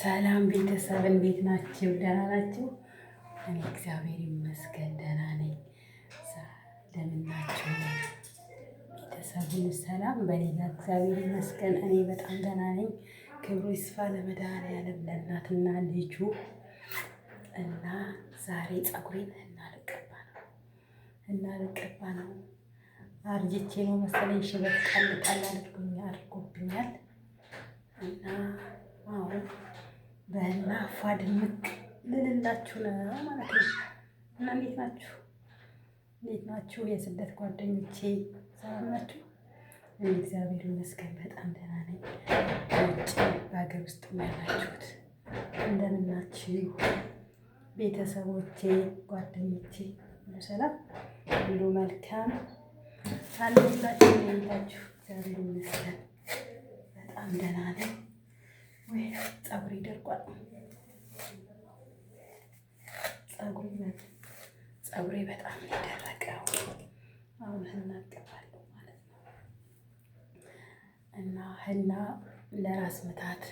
ሰላም ቤተሰብ እንዴት ናችሁ? ደህና ናችሁ? እኔ እግዚአብሔር ይመስገን ደህና ነኝ። ለምናችሁ ቤተሰቡን ሰላም በሌላ እግዚአብሔር ይመስገን እኔ በጣም ደህና ነኝ። ክብሩ ይስፋ ለመድኃኒዓለም ለእናትና ልጁ እና ዛሬ ፀጉሬን እናልቀባ ነው እናልቀባ ነው። አርጅቼ ነው መሰለኝ ሽበት ቃል ቃል አድርጎብኛል ፈዘና ፏ ድምቅ ልልላችሁ ነው ማለት ነው። እና እንዴት ናችሁ? እንዴት ናችሁ የስደት ጓደኞቼ? ሰላም ናችሁ? እኔ እግዚአብሔር ይመስገን በጣም ደህና ነኝ። ውጭ በሀገር ውስጥ ያላችሁት እንደምን ናችሁ? ቤተሰቦቼ፣ ጓደኞቼ ሁሉ ሰላም፣ ሁሉ መልካም አለሁላችሁ። ሁኔታችሁ እግዚአብሔር ይመስገን በጣም ደህና ነኝ። ፀጉሬ ደርቋል። ፀጉሬ በጣም የደረቀው አሁን ህና እቀባለሁ ማለት ነው። እና ህና ለራስ ምታት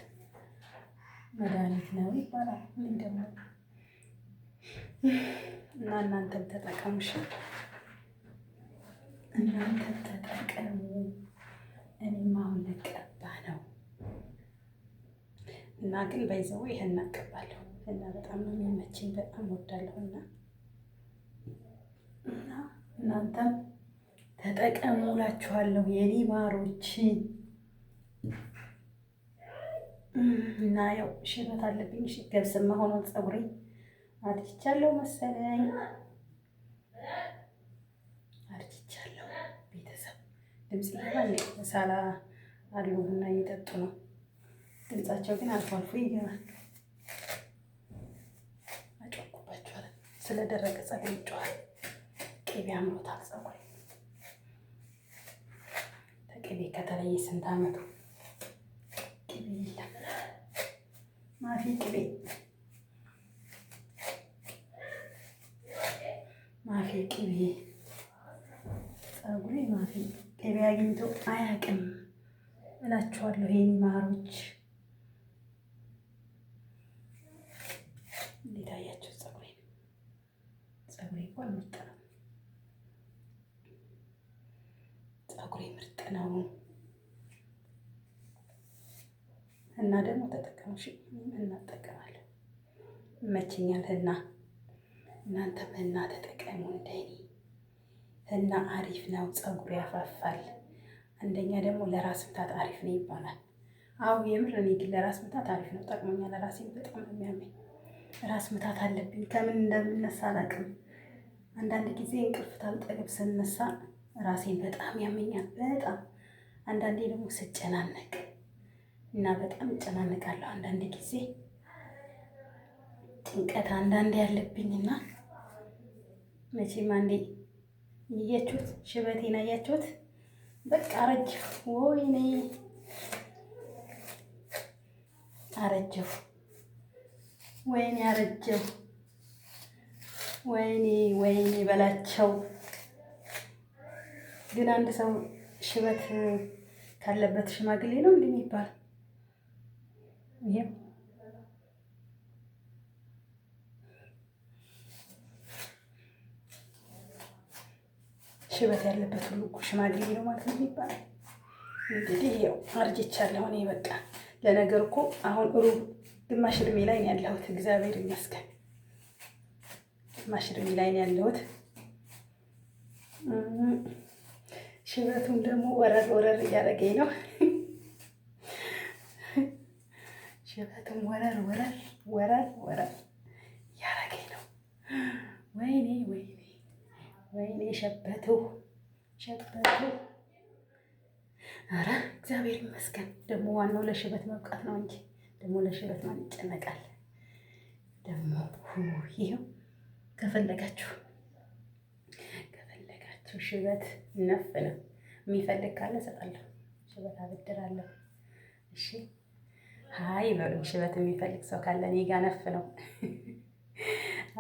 መድኃኒት ነው ይባላል። ምን ደግሞ እና እናንተም ተጠቀሙሽ፣ እናንተም ተጠቀሙ። እኔም አሁን ልቀ እና ግን በይዘው ይሄን አቀባለሁ እና በጣም ነው የሚመችኝ፣ በጣም ወዳለሁ እና እና እናንተም ተጠቀሙላችኋለሁ የኔ ማሮች። እና ያው ሽበት አለብኝ ገብስማ ሆኖ ፀጉሬ አርጅቻለሁ መሰለኝ አርጅቻለሁ። ቤተሰብ ድምፅ ይገባል። ሳላ አሉ ቡና እየጠጡ ነው። ድምጻቸው ግን አልፎ አልፎ ይገባል። አጮኩባቸዋል። ስለደረቀ ጸጉር ይጮኋል። ቅቤ አምሮታል ጸጉር ቅቤ ከተለየ ስንት አመቱ ቅቤ የለም። ማፊ ቅቤ ማፊ ቅቤ ጸጉሬ ማፊ ቅቤ አግኝቶ አያውቅም እላችኋለሁ። ይህን ማሮች ለፀጉሬ ምርጥ ነው እና ደግሞ ተጠቀሙሽ እናጠቀማለን። ይመቸኛል እና እናንተም እና ተጠቀሙ እንደኔ እና አሪፍ ነው። ፀጉር ያፋፋል። አንደኛ ደግሞ ለራስ ምታት አሪፍ ነው ይባላል። አዎ የምር እኔ ግን ለራስ ምታት አሪፍ ነው ጠቅሞኛል። ለራሴ በጣም ነው የሚያመኝ። ራስ ምታት አለብኝ ከምን እንደምነሳ አላውቅም። አንዳንድ ጊዜ እንቅልፍ ታልጠግብ ስነሳ ራሴን በጣም ያመኛል። በጣም አንዳንዴ ደግሞ ስጨናነቅ እና በጣም እጨናነቃለሁ። አንዳንድ ጊዜ ጭንቀት አንዳንዴ ያለብኝና መቼም አንዴ እያችሁት ሽበቴን አያችሁት፣ በቃ አረጀሁ። ወይኔ አረጀሁ፣ ወይኔ አረጀሁ፣ ወይኔ ወይኔ በላቸው። ግን አንድ ሰው ሽበት ካለበት ሽማግሌ ነው እንዲህ የሚባል ይህም ሽበት ያለበት ሁሉ ሽማግሌ ነው ማለት ነው ይባላል። እንግዲህ ያው አርጅቻለሁ እኔ በቃ። ለነገር እኮ አሁን ሩብ ግማሽ እድሜ ላይ ነው ያለሁት፣ እግዚአብሔር ይመስገን ግማሽ እድሜ ላይ ነው ያለሁት። ሽበቱም ደግሞ ወረር ወረር እያደረገኝ ነው። ሽበቱም ወረር ወረር ወረር ወረር እያደረገኝ ነው። ወይኔ ወይኔ ወይኔ ሸበቱ ሸበቱ። አረ እግዚአብሔር ይመስገን። ደግሞ ዋናው ለሽበት መብቃት ነው እንጂ ደግሞ ለሽበት ማን ይጨነቃል? ደግሞ ይኸው ከፈለጋችሁ ሽበት ነፍ ነው የሚፈልግ ካለ እሰጣለሁ። ሽበት አበድራለሁ። እሺ ሀይ በሉ። ሽበት የሚፈልግ ሰው ካለ እኔ ጋ ነፍ ነው።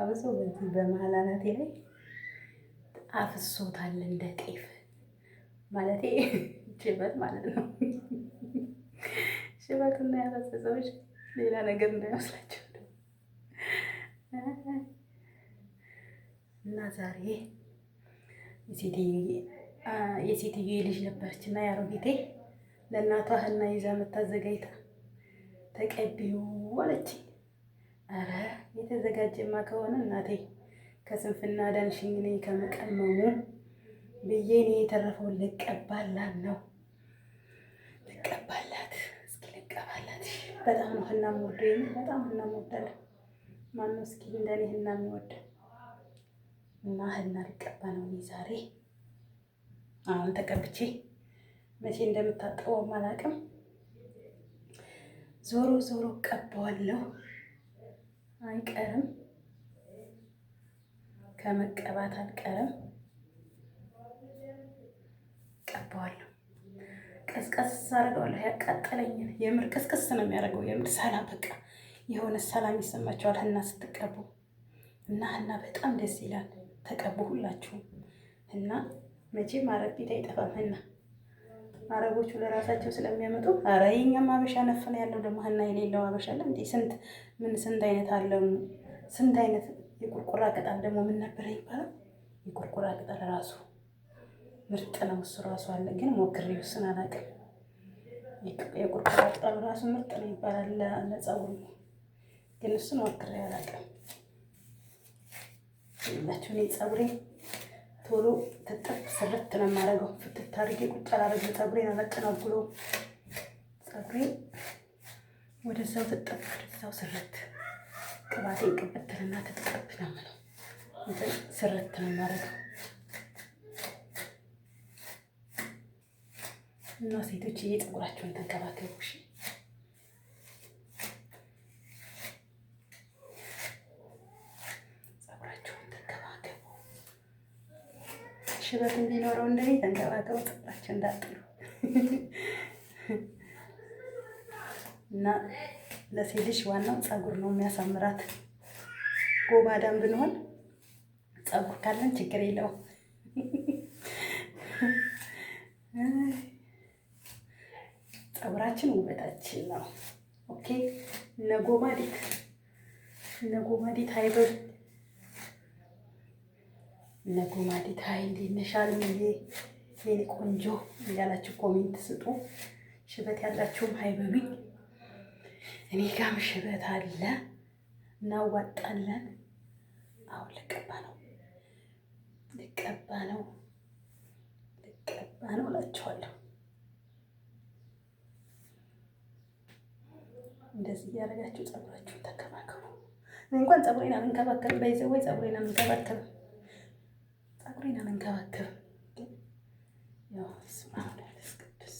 አብሶ በዚህ በመሀል አናቴ ላይ አፍሶታል እንደ ጤፍ ማለቴ ሽበት ማለት ነው። ሽበቱና ሰዎች ሌላ ነገር እንዳይመስላቸው እና ዛሬ የሴትዮ ልጅ ነበረች እና ያሮጊቴ ለእናቷ ህና ይዛ መታዘጋጅታ ተቀቢው አለች። አረ የተዘጋጀማ ከሆነ እናቴ ከስንፍና ዳንሽኝ ነኝ ከመቀመሙ ብዬ እኔ የተረፈውን ልቀባላት ነው ልቀባላት፣ እስኪ ልቀባላት። በጣም ነው ህና ወደ በጣም ህና ወዳለ ማነው እስኪ እንደኔ ህና የሚወደ እና ሂና ልቀባ ነው እኔ ዛሬ። አሁን ተቀብቼ መቼ እንደምታጠበው አላውቅም። ዞሮ ዞሮ ቀባዋለሁ አይቀርም፣ ከመቀባት አልቀርም። ቀባዋለሁ። ቀስቀስ አደርገዋለሁ። ያቃጠለኝ የምር ቀስቀስ ነው የሚያደርገው። የምር ሰላም በቃ የሆነ ሰላም ይሰማቸዋል ህና ስትቀቡ እና ህና በጣም ደስ ይላል። ተቀቡ ሁላችሁም። እና መቼም አረብ ቤት አይጠፋምና አረቦቹ ለራሳቸው ስለሚያመጡ አረ የኛም አበሻ ነፍን ያለው ደግሞ ህና የሌለው አበሻ ለ እንዴ ስንት ምን ስንት አይነት አለው ስንት አይነት የቁርቁራ ቅጠል ደግሞ ምን ነበረ ይባላል። የቁርቁራ ቅጠል ራሱ ምርጥ ነው። እሱ ራሱ አለ ግን ሞክሬው እሱን አላውቅም። የቁርቁራ ቅጠሉ ራሱ ምርጥ ነው ይባላል ለጸጉር ግን እሱን ሞክሬው አላውቅም። ይላችሁ እኔ ፀጉሬ ቶሎ ትጥፍ ስርት ነው የማደርገው። ፍትት አድርጌ ቁጭ አላደርግም። ፀጉሬን አለቅነው ብሎ ወደዛው ተጠፍ ወደዛው ስረት ቅባቴን ቅብትልና ነው የምለው እንትን ነው የማደርገው እና ሴቶች ፀጉራቸውን ተንከባከቡ እሺ። ሽበት እንዲኖረው እንደዚህ ተንከባከቡ። ጥፍራችሁ እንዳጥሉ እና ለሴት ልጅ ዋናው ፀጉር ነው የሚያሳምራት። ጎባዳም ብንሆን ፀጉር ካለን ችግር የለውም። ፀጉራችን ውበታችን ነው። ኦኬ እነ ጎማዴት እነ እነ ጎማዲት ሀይ እንዴት ነሽ አልምዬ የኔ ቆንጆ እንዳላችሁ ኮሜንት ስጡ። ሽበት ያላችሁም ሀይ በሉኝ። እኔ ጋም ሽበት አለ እናዋጣለን። አሁን ልቀባ ነው ልቀባ ነው ልቀባ ነው እላችኋለሁ። እንደዚህ እያደረጋችሁ ፀጉራችሁን ተከባከቡ። እንኳን ፀጉሬን አልንከባከብም፣ ወይ ፀጉሬን አልንከባከብም ፀጉሬን አልንከባከብም። ቅዱስ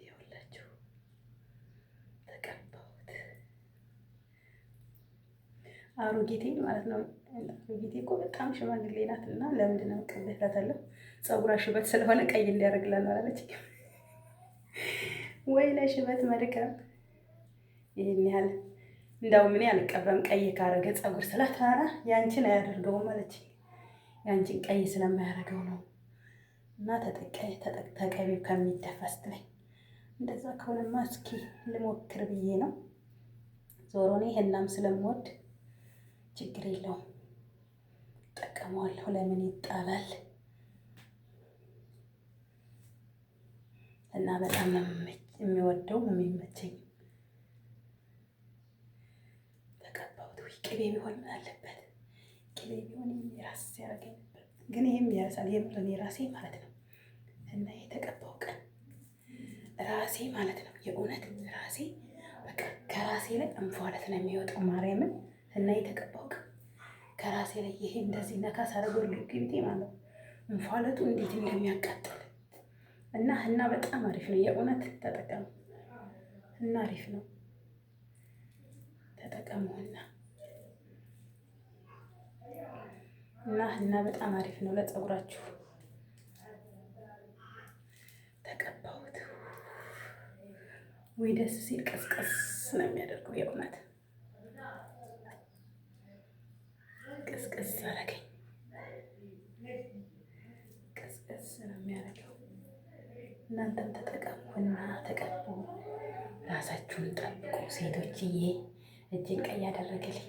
ይኸውላችሁ ተቀባሁት። አሮጌቴ ማለት ነው። አሮጌቴ እኮ በጣም ሽማግሌ ናት እና ነው የምቀባት ፀጉሯ ሽበት ስለሆነ ቀይ እንዲያደርግላል አላለች ወይ ለሽበት መድከም ይህን ያህል እንዳውም እኔ አልቀባም ቀይ ካረገ ፀጉር ስለታራ ያንቺን አያደርገውም አለች። ያንቺን ቀይ ስለማያደርገው ነው እና ተጠቀይ ተጠቀቢው ከሚደፈስ ላይ እንደዛ ከሆነማ እስኪ ልሞክር ብዬ ነው። ዞሮ እኔ ሄናም ስለምወድ ችግር የለውም ጠቀመዋለሁ። ለምን ይጣላል? እና በጣም የሚወደው የሚመቸኝ ቅቤ ቢሆን ምን አለበት? ቅቤ ቢሆን የራስ ያደረገኝ ግን ይህም ያርሳል። የምርን የራሴ ማለት ነው እና የተቀባው ቀን ራሴ ማለት ነው። የእውነት ራሴ በቃ ከራሴ ላይ እንፏለት ነው የሚወጣው ማርያምን እና የተቀባው ቀን ከራሴ ላይ ይሄ እንደዚህ ነካ ሳደርገው ግቢቴ ማለት እንፏለቱ እንዴት እንደሚያቃጥል እና እና በጣም አሪፍ ነው የእውነት ተጠቀሙ እና አሪፍ ነው ተጠቀሙና እና በጣም አሪፍ ነው ለፀጉራችሁ። ተቀባሁት ወይ ደስ ሲል ቀስቀስ ነው የሚያደርገው የእውነት ቀስቀስ ያደረገኝ ቀስቀስ ነው የሚያደርገው። እናንተም ተጠቀሙና ተቀቡ፣ ራሳችሁን ጠብቁ ሴቶችዬ። እጅን ቀይ ያደረገልኝ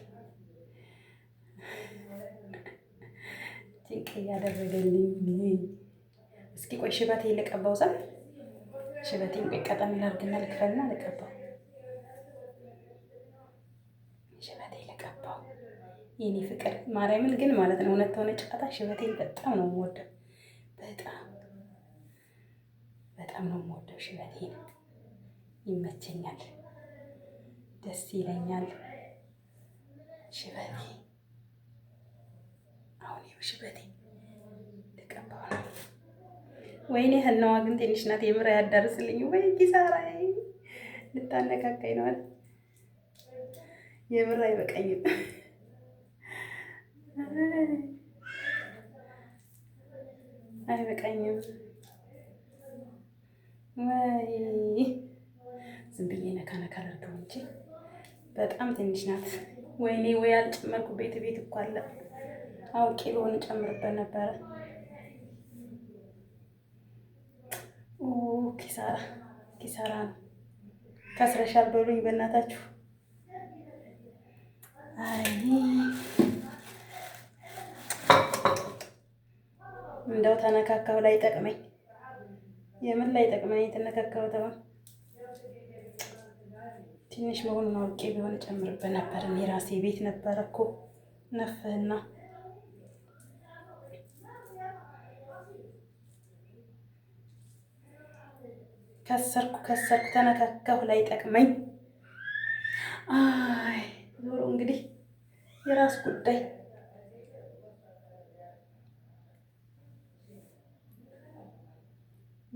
ሲቅ እያደረገልኝ እስኪ ቆይ ሽበቴ ልቀባው ዘር ሽበቴን ቆይ ቀጠም ላድርግና ልክፈልና ልቀባው ሽበቴ ልቀባው የኔ ፍቅር ማርያምን ግን ማለት ነው እውነት ተሆነ ጨዋታ ሽበቴን በጣም ነው የምወደው በጣም በጣም ነው የምወደው ሽበቴን ይመቸኛል ደስ ይለኛል ሽበቴ ሽበቴ ተቀባዋል። ወይኔ ህልናዋ ግን ትንሽ ናት። የምራ ያዳርስልኝ ወይ ኪሳራ ልታነካካኝ ነው። የምራ አይበቃኝም። አይበቃኝም ወይ ዝም ብዬ ነካ ነካ አደርገው እንጂ በጣም ትንሽ ናት። ወይኔ ወይ አልጨመርኩ ቤት ቤት እኮ አለ አሁን ቂሎውን እጨምርበት ነበረ። ኪሳራ ኪሳራ ነው። ከስረሻል በሉኝ በእናታችሁ። አይ እንደው ተነካካሁ ላይ ጠቅመኝ የምን ላይ ጠቅመኝ የተነካካው ተባ ትንሽ መሆኑን አውቄ ቢሆን እጨምርበት ነበር። እኔ ራሴ ቤት ነበረ እኮ ነፍህና ከሰርኩ ከሰርኩ ተነካከሁ ላይ ጠቅመኝ። አይ ዞሮ እንግዲህ የራስ ጉዳይ።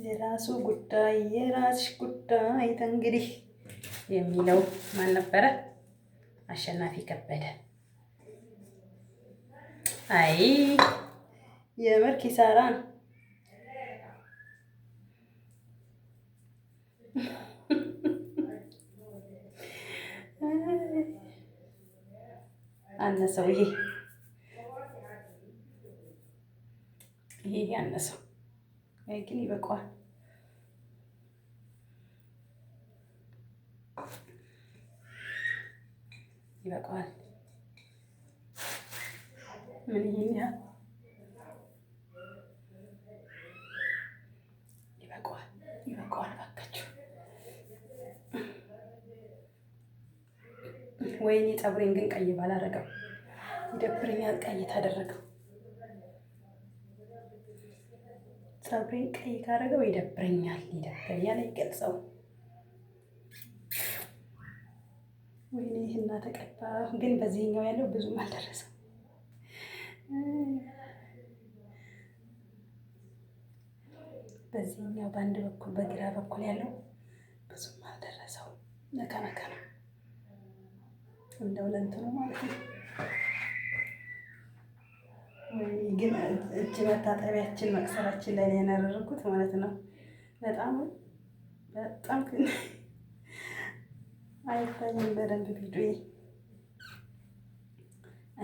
የራሱ ጉዳይ፣ የራስሽ ጉዳይ። እንግዲህ የሚለው ማን ነበረ? አሸናፊ ከበደ። አይ የምር ኪሳራ ነው። አነሰው ይሄ ይሄ ያነሰው ግን ይበቃዋል። ይበቃዋል። ምን ይሄን ያህል ወይኔ ፀጉሬን ግን ቀይ ባላረገው ይደብረኛል። ቀይ ታደረገው ፀጉሬን ቀይ ካረገው ይደብረኛል። ይደብረኛል አይገልጸው። ወይኔ ይህና ተቀባ። ግን በዚህኛው ያለው ብዙም አልደረሰም። በዚህኛው በአንድ በኩል በግራ በኩል ያለው ብዙም አልደረሰው። ነካ ነካ ነው። እንደው ለእንትኑ ማለት ነው። ግን እጅ መታጠቢያችን መቅሰራችን ላይ ነው ያደረኩት ማለት ነው። በጣም በጣም አይታይም በደንብ ቪዲዮ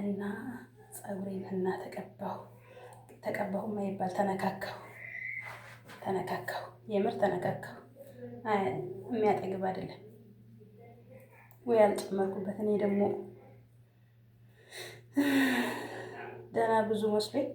እና ፀጉሬን እና ተቀባሁ ተቀባሁ ማይባል ተነካካሁ ተነካካሁ የምር ተነካካሁ። የሚያጠግብ አይደለም። ወይ ያልጨመርኩበት እኔ ደግሞ ደህና ብዙ መስሎኝ